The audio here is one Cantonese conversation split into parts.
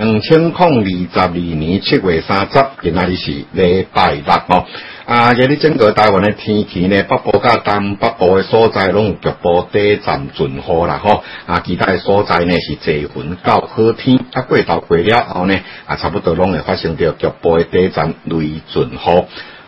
五、嗯、清空二十二年七月三十，原來啲是禮拜六哦。啊，嗰啲整個台灣嘅天氣呢，北部加東北部嘅所在，攏有局部短暫陣雨啦，吼、哦、啊，其他嘅所在呢，是坐穩到好天，啊，過頭過了後呢，啊，差不多攏會發生到局部短暫雷陣雨。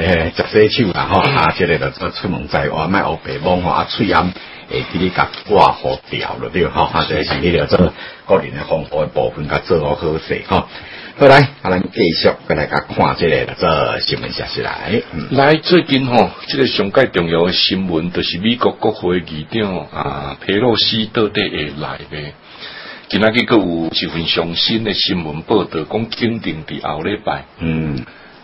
誒，食些酒啊！吼，啊，即個着出門在外買烏皮包啊，吹暗誒，俾你甲掛好掉了了哈！啊，這是你要、嗯嗯嗯、做個人的防護部分，甲做好好勢哈。好、啊、來，啊，咱繼續跟大家看即個做新聞消息來。來，來來嗯、來最近吼，即、哦這個上界重要嘅新聞，就是美國國會議長啊，佩洛西到底會來嘅。今仔日佫有一份上新嘅新聞報道，講肯定佇後禮拜，嗯。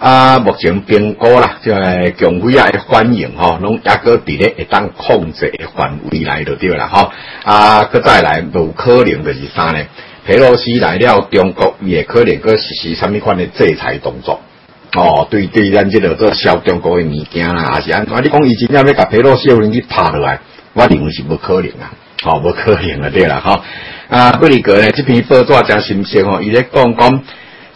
啊，目前蘋果啦，個係國會啊，歡迎吼、哦，攏抑佫佇咧，會當控制個範圍內就對啦吼、啊。啊，佮再來冇可能就是啥呢？佩洛西來了，中國伊也可能佮實施啥物款的制裁動作。哦，對對、這個，咱、這、即個做小中國的物件啦，還是安怎？、啊、你講伊真正要甲佩洛西有去拍落來，我認為是冇可能啊，吼、哦，冇可能對啊對啦吼，啊，布林格呢，即篇報紙啊，誠新鮮吼，伊咧講講。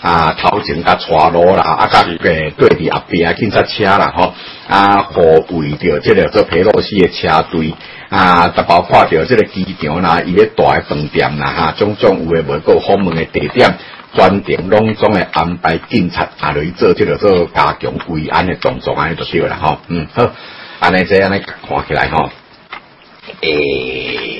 啊，頭前甲帶路啦，啊，隔壁對的阿邊啊，警察車啦，吼，啊，護衛着，即個做裴洛西的車隊，啊，逐包括着即個機場啦，伊咧大嘅飯店啦，吓、啊，種種有嘅每個方面嘅地點，專程攏總來安排警察，啊，來做即個做加強維安的動作安尼就對啦，吼，嗯，好，安尼這樣咧看起來吼，誒、欸。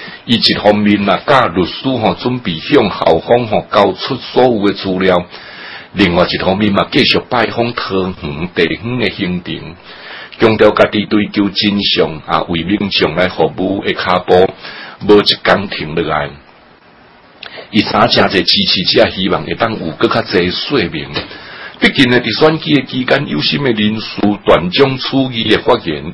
一方面嘛，教律師哈，準備向校方哈交出所有嘅資料；另外一方面嘛，繼續拜訪堂堂弟兄的行程，強調家己追究真相，啊，為民眾來服務嘅腳步，冇一天停落來。以大家嘅支持者，希望會當有更加多說明。畢竟呢，計算機嘅期間有啲咩人事斷章取義的發言。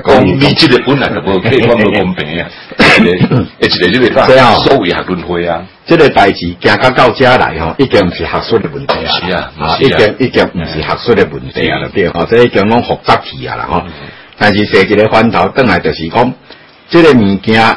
講呢，即個本來就冇公平啊！即、嗯、個即個、這個嗯、所謂學論會啊，即個代志行到到家嚟哦，已經唔是學術的問題、嗯嗯嗯、啊，已經已經唔是學術的問題啊，或者已經講複雜去啊啦，嗬，但是涉及個翻倒轉來就是講，即、這個物件。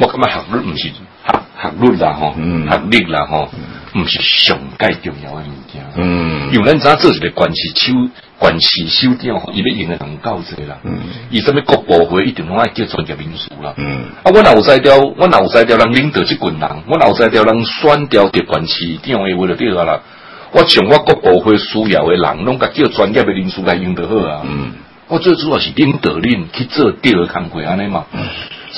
我感覺學歷毋是學學，學歷啦，嗬，學歷啦，嗬、嗯，喔、毋是上重要誒物件。咱知做一個，用人渣做嘅管事，少管事少啲哦，伊要用誒人夠多啦。嗯，伊什麼國保會一定攏愛叫專業名師啦。嗯，啊，阮若有才調，阮若有才調，能領導呢群人，阮若有才調，能選調啲管事點樣嘅話就得啊啦。我從我國保會需要誒人，攏甲叫專業誒名師來用就好啊。嗯，我最主要是領導恁去做第誒工課安尼嘛。嗯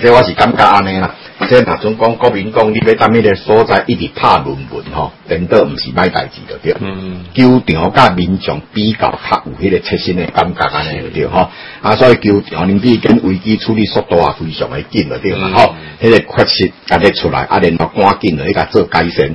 即我是感覺安尼啦，即係嗱講，國民講，你要打迄個所在，一直拍論文吼，頂多毋是歹代志着對，嗯嗯，球場甲民眾比較較有迄個切身嘅感覺安尼着對吼，啊，所以球場啲間危機處理速度也非常的緊着對嘛，吼，迄，嗯嗯那個確實安尼出來，啊然後趕緊嚟依家做改善。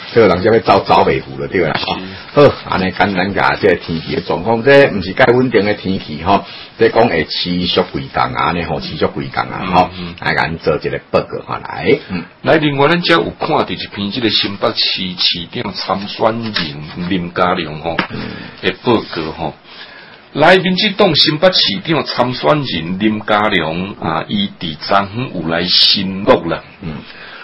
即個人即是、喔、會走走迷糊了對個啦，安尼你近兩日即天氣嘅狀況即唔是介穩定嘅天氣吼，即講會持續幾天啊，安尼吼持續幾天啊。好、嗯，啊、嗯，俺做一個報告哈、喔。來，嗯、來另外咱即有看到一篇即個新北市市長參選人林佳龍吼嘅報告吼、喔，來面即棟，新北市長參選人林佳龍、嗯、啊，伊第張有來新錄了。嗯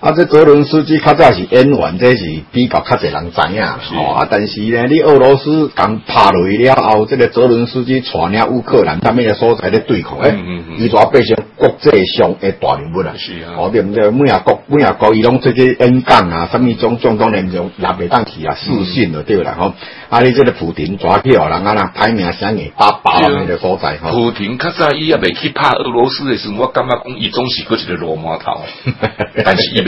啊，這澤倫斯基較早是演員，這是比較較儕人知影啦。哦，啊，但是呢，你俄羅斯剛拍雷了後，這個澤倫斯基娶了烏克蘭，啥物嘢所在咧對抗？哎，伊就變成國際上誒大人物啊。是啊。哦，對唔對？每啊國，每啊國，伊攏出去演講啊，啥物種種東連容，廿八單題啊，自信都對啦。吼，啊，你這個普京抓起荷蘭啊，排名聲二八八啦，咩嘢所在？普京較早伊也未去拍俄羅斯，誒，是我感覺講伊總是擱一個老毛頭，但是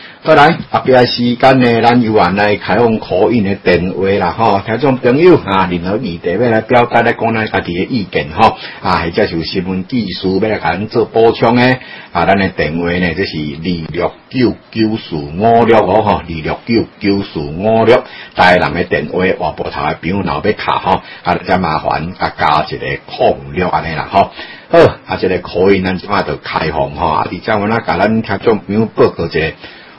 好來，後邊啊，時間呢，咱又安來開放可以呢，電話啦，吼，聽眾朋友啊，任何問題要來表達來講咱家己嘅意見，吼。啊，或者是新聞技術，要來甲咱做補充誒，啊，咱嘅電話呢，即是二六九九四五六哦吼，二六九九四五六，台南嘅電話話撥頭會朋友被卡、啊、這這吼，啊，真麻煩，啊，加一個空六安尼啦，吼。好，啊，即個可以，咱即馬就開放吼，啊，你將我那甲咱聽眾朋友報個者。